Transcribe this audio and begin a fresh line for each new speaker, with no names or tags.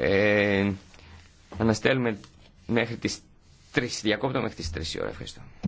Ε, αναστέλουμε μέχρι τις 3. Διακόπτω μέχρι τις 3 η ώρα. Ευχαριστώ.